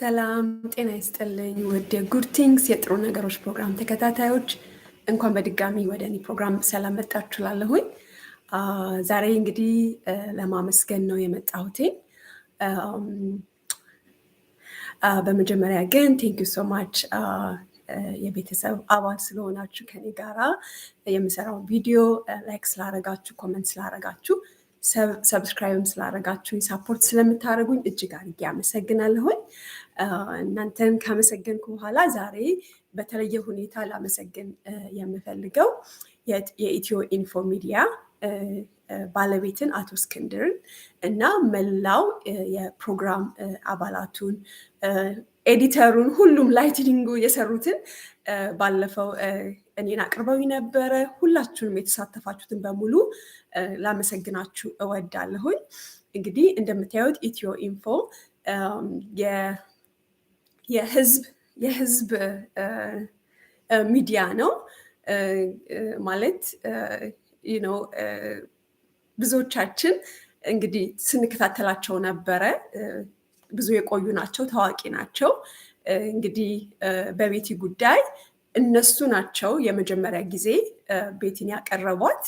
ሰላም ጤና ይስጥልኝ። ወደ ጉድ ቲንግስ የጥሩ ነገሮች ፕሮግራም ተከታታዮች እንኳን በድጋሚ ወደ እኔ ፕሮግራም ሰላም መጣችሁ እላለሁኝ። ዛሬ እንግዲህ ለማመስገን ነው የመጣሁት። በመጀመሪያ ግን ቴንክ ዩ ሶ ማች የቤተሰብ አባል ስለሆናችሁ ከኔ ጋራ የምሰራውን ቪዲዮ ላይክ ስላረጋችሁ፣ ኮመንት ስላረጋችሁ ሰብስክራይብም ስላደረጋችሁኝ ሳፖርት ስለምታደርጉኝ እጅግ አድርጌ አመሰግናለሁኝ። እናንተን ካመሰገንኩ በኋላ ዛሬ በተለየ ሁኔታ ላመሰግን የምፈልገው የኢትዮ ኢንፎ ሚዲያ ባለቤትን አቶ እስክንድርን እና መላው የፕሮግራም አባላቱን ኤዲተሩን፣ ሁሉም ላይትኒንጉ የሰሩትን ባለፈው እኔን አቅርበው ነበረ። ሁላችሁንም የተሳተፋችሁትን በሙሉ ላመሰግናችሁ እወዳለሁኝ። እንግዲህ እንደምታዩት ኢትዮ ኢንፎ የህዝብ የህዝብ ሚዲያ ነው ማለት ነው። ብዙዎቻችን እንግዲህ ስንከታተላቸው ነበረ። ብዙ የቆዩ ናቸው፣ ታዋቂ ናቸው። እንግዲህ በቤቲ ጉዳይ እነሱ ናቸው የመጀመሪያ ጊዜ ቤቲን ያቀረቧት።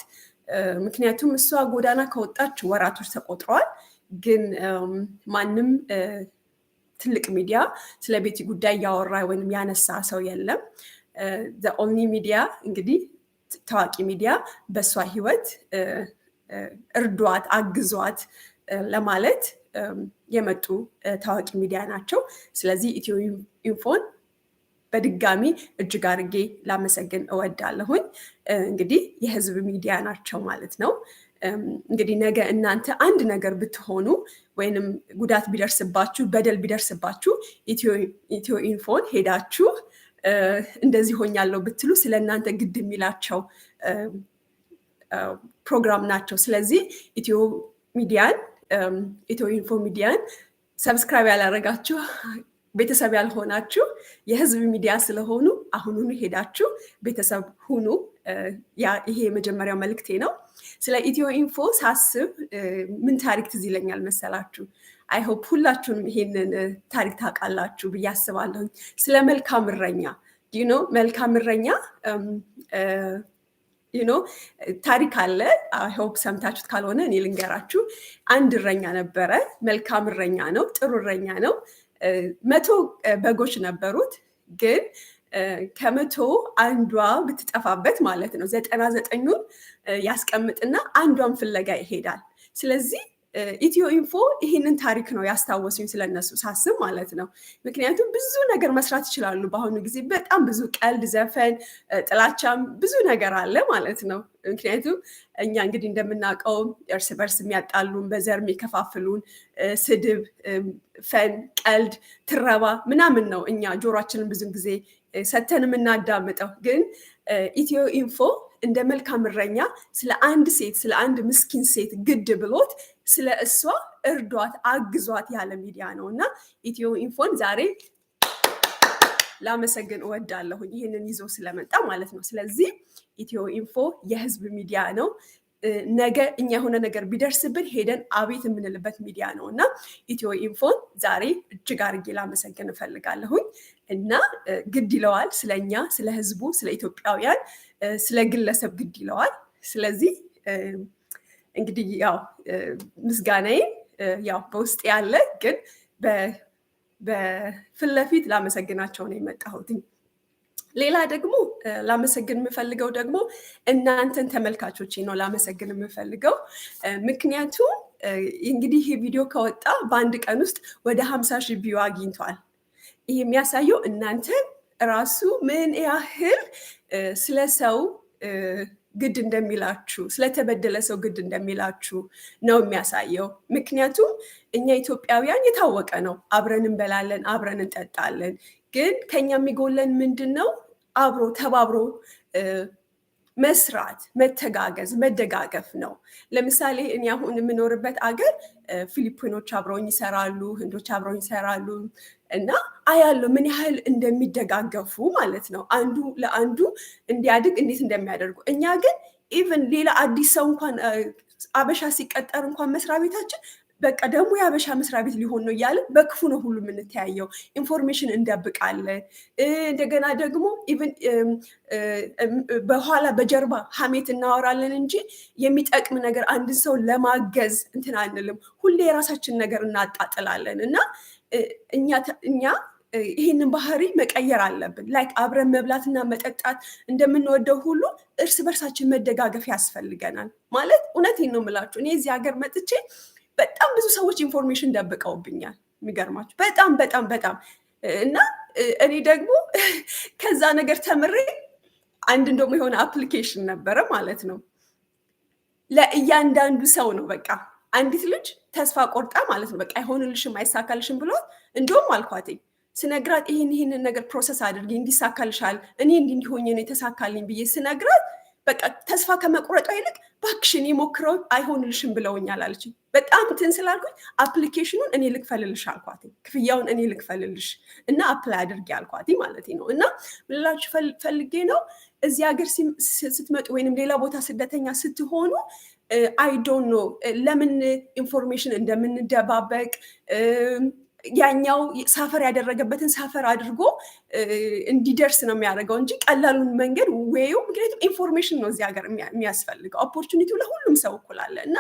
ምክንያቱም እሷ ጎዳና ከወጣች ወራቶች ተቆጥረዋል። ግን ማንም ትልቅ ሚዲያ ስለ ቤቲ ጉዳይ እያወራ ወይም ያነሳ ሰው የለም። ኦንሊ ሚዲያ እንግዲህ ታዋቂ ሚዲያ በእሷ ህይወት እርዷት፣ አግዟት ለማለት የመጡ ታዋቂ ሚዲያ ናቸው። ስለዚህ ኢትዮ ኢንፎን በድጋሚ እጅግ አድርጌ ላመሰግን እወዳለሁኝ። እንግዲህ የህዝብ ሚዲያ ናቸው ማለት ነው። እንግዲህ ነገ እናንተ አንድ ነገር ብትሆኑ ወይንም ጉዳት ቢደርስባችሁ፣ በደል ቢደርስባችሁ ኢትዮ ኢንፎን ሄዳችሁ እንደዚህ ሆኛለሁ ብትሉ ስለ እናንተ ግድ የሚላቸው ፕሮግራም ናቸው። ስለዚህ ኢትዮ ሚዲያን ኢትዮ ኢንፎ ሚዲያን ሰብስክራይብ ያላረጋችሁ ቤተሰብ ያልሆናችሁ የህዝብ ሚዲያ ስለሆኑ አሁኑን ሄዳችሁ ቤተሰብ ሁኑ። ይሄ የመጀመሪያው መልክቴ ነው። ስለ ኢትዮ ኢንፎ ሳስብ ምን ታሪክ ትዝ ይለኛል መሰላችሁ? አይሆፕ ሁላችሁም ይሄንን ታሪክ ታውቃላችሁ ብዬ አስባለሁ። ስለ መልካም እረኛ ዩኖ መልካም እረኛ ዩኖ ታሪክ አለ። አይሆፕ ሰምታችሁት ካልሆነ እኔ ልንገራችሁ። አንድ እረኛ ነበረ። መልካም እረኛ ነው፣ ጥሩ እረኛ ነው። መቶ በጎች ነበሩት ግን ከመቶ አንዷ ብትጠፋበት ማለት ነው ዘጠና ዘጠኙን ያስቀምጥና አንዷን ፍለጋ ይሄዳል። ስለዚህ ኢትዮ ኢንፎ ይህንን ታሪክ ነው ያስታወሱኝ ስለነሱ ሳስብ ማለት ነው። ምክንያቱም ብዙ ነገር መስራት ይችላሉ። በአሁኑ ጊዜ በጣም ብዙ ቀልድ፣ ዘፈን፣ ጥላቻም ብዙ ነገር አለ ማለት ነው። ምክንያቱም እኛ እንግዲህ እንደምናውቀው እርስ በርስ የሚያጣሉን፣ በዘር የሚከፋፍሉን፣ ስድብ፣ ፈን፣ ቀልድ፣ ትረባ ምናምን ነው እኛ ጆሯችንን ብዙ ጊዜ ሰተን የምናዳምጠው ግን ኢትዮ ኢንፎ እንደ መልካም እረኛ ስለ አንድ ሴት ስለ አንድ ምስኪን ሴት ግድ ብሎት ስለ እሷ እርዷት፣ አግዟት ያለ ሚዲያ ነው እና ኢትዮ ኢንፎን ዛሬ ላመሰግን እወዳለሁኝ ይህንን ይዞ ስለመጣ ማለት ነው። ስለዚህ ኢትዮ ኢንፎ የህዝብ ሚዲያ ነው። ነገ እኛ የሆነ ነገር ቢደርስብን ሄደን አቤት የምንልበት ሚዲያ ነው እና ኢትዮ ኢንፎን ዛሬ እጅግ አድርጌ ላመሰግን እፈልጋለሁኝ እና ግድ ይለዋል ስለ እኛ፣ ስለ ህዝቡ፣ ስለ ኢትዮጵያውያን፣ ስለ ግለሰብ ግድ ይለዋል። ስለዚህ እንግዲህ ያው ምስጋናዬን ያው በውስጥ ያለ ግን በፊት ለፊት ላመሰግናቸው ነው የመጣሁትኝ። ሌላ ደግሞ ላመሰግን የምፈልገው ደግሞ እናንተን ተመልካቾች ነው ላመሰግን የምፈልገው ምክንያቱም እንግዲህ ይህ ቪዲዮ ከወጣ በአንድ ቀን ውስጥ ወደ ሀምሳ ሺህ ቪው አግኝቷል። ይህ የሚያሳየው እናንተን ራሱ ምን ያህል ስለ ሰው ግድ እንደሚላችሁ ስለተበደለ ሰው ግድ እንደሚላችሁ ነው የሚያሳየው። ምክንያቱም እኛ ኢትዮጵያውያን የታወቀ ነው፣ አብረን እንበላለን፣ አብረን እንጠጣለን። ግን ከኛ የሚጎለን ምንድን ነው? አብሮ ተባብሮ መስራት፣ መተጋገዝ፣ መደጋገፍ ነው። ለምሳሌ እኔ አሁን የምኖርበት አገር ፊሊፒኖች አብረውኝ ይሰራሉ፣ ህንዶች አብረውኝ ይሰራሉ እና አያለው ምን ያህል እንደሚደጋገፉ ማለት ነው። አንዱ ለአንዱ እንዲያድግ እንዴት እንደሚያደርጉ እኛ ግን ኢቨን ሌላ አዲስ ሰው እንኳን አበሻ ሲቀጠር እንኳን መስሪያ ቤታችን በቃ ደግሞ የሀበሻ መስሪያ ቤት ሊሆን ነው እያለን በክፉ ነው ሁሉ የምንተያየው። ኢንፎርሜሽን እንደብቃለን። እንደገና ደግሞ ኢቭን በኋላ በጀርባ ሀሜት እናወራለን እንጂ የሚጠቅም ነገር አንድን ሰው ለማገዝ እንትን አንልም። ሁሌ የራሳችን ነገር እናጣጥላለን እና እኛ ይህንን ባህሪ መቀየር አለብን። ላይክ አብረን መብላትና መጠጣት እንደምንወደው ሁሉ እርስ በርሳችን መደጋገፍ ያስፈልገናል። ማለት እውነት ነው የምላችሁ እኔ እዚህ ሀገር መጥቼ በጣም ብዙ ሰዎች ኢንፎርሜሽን ደብቀውብኛል። የሚገርማቸው በጣም በጣም በጣም እና እኔ ደግሞ ከዛ ነገር ተምሬ አንድ እንደውም የሆነ አፕሊኬሽን ነበረ ማለት ነው ለእያንዳንዱ ሰው ነው በቃ አንዲት ልጅ ተስፋ ቆርጣ ማለት ነው በቃ አይሆንልሽም አይሳካልሽም ብሏት እንዲሁም አልኳትኝ ስነግራት ይህን ይህንን ነገር ፕሮሰስ አድርጊ እንዲሳካልሻል እኔ እንዲ እንዲሆኝ ነው የተሳካልኝ ብዬ ስነግራት በቃ ተስፋ ከመቁረጧ ይልቅ ባክሽን የሞክረው አይሆንልሽም ብለውኛል አለችኝ በጣም እንትን ስላልኩኝ አፕሊኬሽኑን እኔ ልክፈልልሽ አልኳት። ክፍያውን እኔ ልክፈልልሽ እና አፕላይ አድርጌ አልኳት ማለት ነው። እና ልላችሁ ፈልጌ ነው እዚህ ሀገር ስትመጡ ወይንም ሌላ ቦታ ስደተኛ ስትሆኑ አይ ዶንት ኖ ለምን ኢንፎርሜሽን እንደምንደባበቅ ያኛው ሳፈር ያደረገበትን ሳፈር አድርጎ እንዲደርስ ነው የሚያደርገው እንጂ ቀላሉን መንገድ ወዩ። ምክንያቱም ኢንፎርሜሽን ነው እዚህ ሀገር የሚያስፈልገው። ኦፖርቹኒቲው ለሁሉም ሰው እኩል አለ እና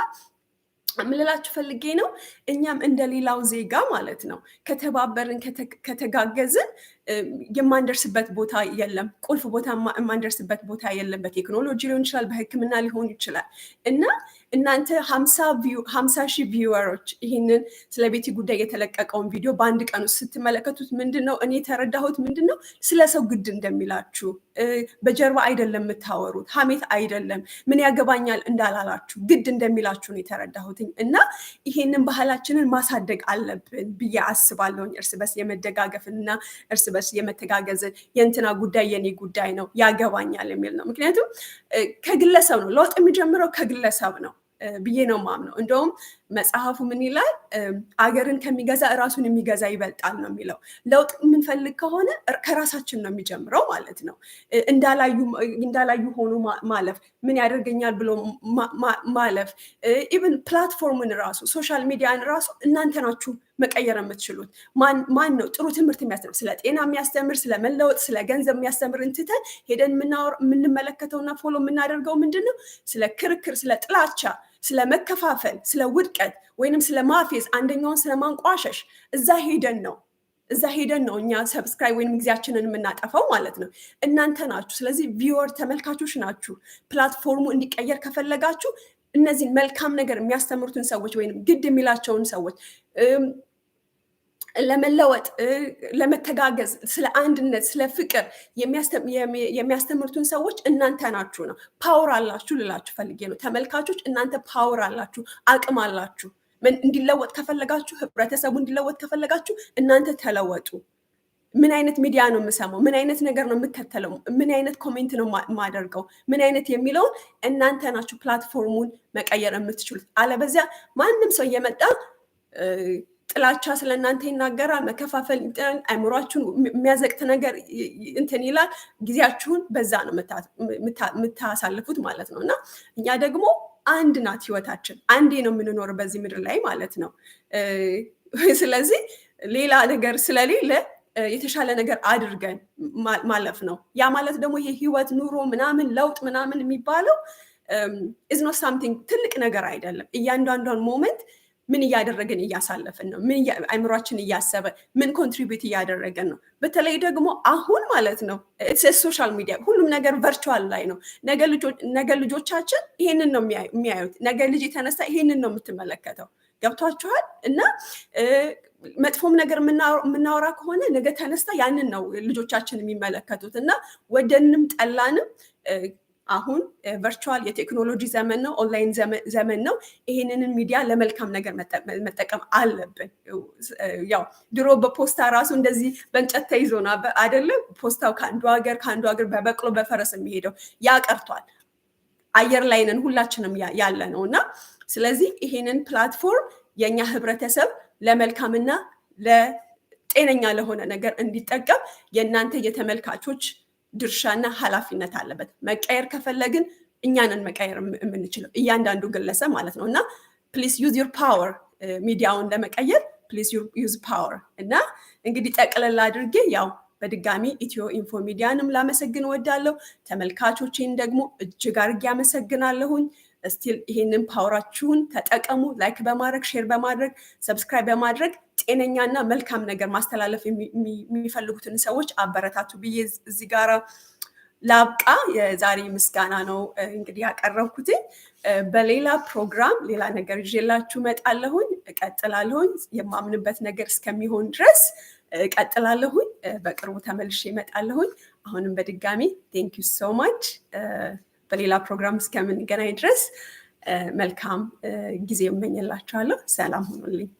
የምልላችሁ ፈልጌ ነው። እኛም እንደሌላው ዜጋ ማለት ነው ከተባበርን ከተጋገዝን የማንደርስበት ቦታ የለም። ቁልፍ ቦታ የማንደርስበት ቦታ የለም። በቴክኖሎጂ ሊሆን ይችላል፣ በሕክምና ሊሆን ይችላል እና እናንተ ሀምሳ ሺህ ቪወሮች ይህንን ስለ ቤቲ ጉዳይ የተለቀቀውን ቪዲዮ በአንድ ቀን ውስጥ ስትመለከቱት ምንድን ነው እኔ የተረዳሁት ምንድን ነው ስለ ሰው ግድ እንደሚላችሁ በጀርባ አይደለም የምታወሩት ሀሜት አይደለም ምን ያገባኛል እንዳላላችሁ ግድ እንደሚላችሁ ነው የተረዳሁትኝ እና ይሄንን ባህላችንን ማሳደግ አለብን ብዬ አስባለሁኝ እርስ የመደጋገፍ የመደጋገፍንና እርስ በስ የመተጋገዝን የእንትና ጉዳይ የኔ ጉዳይ ነው ያገባኛል የሚል ነው ምክንያቱም ከግለሰብ ነው ለውጥ የሚጀምረው ከግለሰብ ነው ብዬ ነው ማምነው። እንደውም መጽሐፉ ምን ይላል? አገርን ከሚገዛ እራሱን የሚገዛ ይበልጣል ነው የሚለው። ለውጥ የምንፈልግ ከሆነ ከራሳችን ነው የሚጀምረው ማለት ነው። እንዳላዩ ሆኖ ማለፍ ምን ያደርገኛል ብሎ ማለፍ፣ ኢቨን ፕላትፎርምን ራሱ ሶሻል ሚዲያን ራሱ እናንተ ናችሁ መቀየር የምትችሉት። ማን ነው ጥሩ ትምህርት የሚያስተምር ስለ ጤና የሚያስተምር ስለ መለወጥ ስለ ገንዘብ የሚያስተምር እንትተን ሄደን የምንመለከተውና ፎሎ የምናደርገው ምንድን ነው? ስለ ክርክር፣ ስለ ጥላቻ ስለ መከፋፈል፣ ስለ ውድቀት ወይንም ስለ ማፌዝ፣ አንደኛውን ስለ ማንቋሸሽ እዛ ሄደን ነው እዛ ሄደን ነው እኛ ሰብስክራይብ ወይም ጊዜያችንን የምናጠፋው ማለት ነው። እናንተ ናችሁ። ስለዚህ ቪወር ተመልካቾች ናችሁ። ፕላትፎርሙ እንዲቀየር ከፈለጋችሁ እነዚህን መልካም ነገር የሚያስተምሩትን ሰዎች ወይም ግድ የሚላቸውን ሰዎች ለመለወጥ ለመተጋገዝ፣ ስለ አንድነት፣ ስለ ፍቅር የሚያስተምርቱን ሰዎች እናንተ ናችሁ ነው። ፓወር አላችሁ ልላችሁ ፈልጌ ነው። ተመልካቾች እናንተ ፓወር አላችሁ፣ አቅም አላችሁ። እንዲለወጥ ከፈለጋችሁ፣ ህብረተሰቡ እንዲለወጥ ከፈለጋችሁ እናንተ ተለወጡ። ምን አይነት ሚዲያ ነው የምሰማው? ምን አይነት ነገር ነው የምከተለው? ምን አይነት ኮሜንት ነው የማደርገው? ምን አይነት የሚለውን እናንተ ናችሁ ፕላትፎርሙን መቀየር የምትችሉት። አለበዚያ ማንም ሰው እየመጣ ጥላቻ ስለ እናንተ ይናገራል። መከፋፈል ይጥላል። አይምሯችሁን የሚያዘቅት ነገር እንትን ይላል። ጊዜያችሁን በዛ ነው የምታሳልፉት ማለት ነው እና እኛ ደግሞ አንድ ናት ህይወታችን፣ አንዴ ነው የምንኖር በዚህ ምድር ላይ ማለት ነው። ስለዚህ ሌላ ነገር ስለሌለ የተሻለ ነገር አድርገን ማለፍ ነው። ያ ማለት ደግሞ ይሄ ህይወት፣ ኑሮ፣ ምናምን ለውጥ ምናምን የሚባለው ኢዝ ኖት ሳምቲንግ ትልቅ ነገር አይደለም። እያንዳንዷን ሞመንት ምን እያደረግን እያሳለፍን ነው? ምን አይምሯችን እያሰበ ምን ኮንትሪቢዩት እያደረገን ነው? በተለይ ደግሞ አሁን ማለት ነው ሶሻል ሚዲያ ሁሉም ነገር ቨርቹዋል ላይ ነው። ነገ ልጆቻችን ይሄንን ነው የሚያዩት። ነገ ልጅ የተነሳ ይሄንን ነው የምትመለከተው። ገብቷችኋል? እና መጥፎም ነገር የምናወራ ከሆነ ነገ ተነስታ ያንን ነው ልጆቻችን የሚመለከቱት እና ወደንም ጠላንም አሁን ቨርቹዋል የቴክኖሎጂ ዘመን ነው፣ ኦንላይን ዘመን ነው። ይሄንንን ሚዲያ ለመልካም ነገር መጠቀም አለብን። ያው ድሮ በፖስታ ራሱ እንደዚህ በእንጨት ተይዞ ነው አይደለም ፖስታው ከአንዱ ሀገር ከአንዱ ሀገር በበቅሎ በፈረስ የሚሄደው ያቀርቷል አየር ላይንን ሁላችንም ያለ ነው እና ስለዚህ ይሄንን ፕላትፎርም የእኛ ህብረተሰብ ለመልካምና ለጤነኛ ለሆነ ነገር እንዲጠቀም የእናንተ የተመልካቾች ድርሻና ኃላፊነት አለበት። መቀየር ከፈለግን እኛንን መቀየር የምንችለው እያንዳንዱ ግለሰብ ማለት ነው። እና ፕሊስ ዩዝ ዩር ፓወር ሚዲያውን ለመቀየር ፕሊስ ዩዝ ፓወር። እና እንግዲህ ጠቅለል አድርጌ ያው በድጋሚ ኢትዮ ኢንፎ ሚዲያንም ላመሰግን ወዳለሁ። ተመልካቾችን ደግሞ እጅግ አድርጌ አመሰግናለሁኝ። እስቲል ይሄንን ፓወራችሁን ተጠቀሙ። ላይክ በማድረግ ሼር በማድረግ ሰብስክራይብ በማድረግ ጤነኛና መልካም ነገር ማስተላለፍ የሚፈልጉትን ሰዎች አበረታቱ ብዬ እዚህ ጋር ላብቃ። የዛሬ ምስጋና ነው እንግዲህ ያቀረብኩት። በሌላ ፕሮግራም ሌላ ነገር ይዤላችሁ እመጣለሁኝ። እቀጥላለሁኝ የማምንበት ነገር እስከሚሆን ድረስ እቀጥላለሁኝ። በቅርቡ ተመልሼ እመጣለሁኝ። አሁንም በድጋሚ ቴንክ ዩ ሶ ማች። በሌላ ፕሮግራም እስከምንገናኝ ድረስ መልካም ጊዜ እመኝላችኋለሁ። ሰላም ሆኖልኝ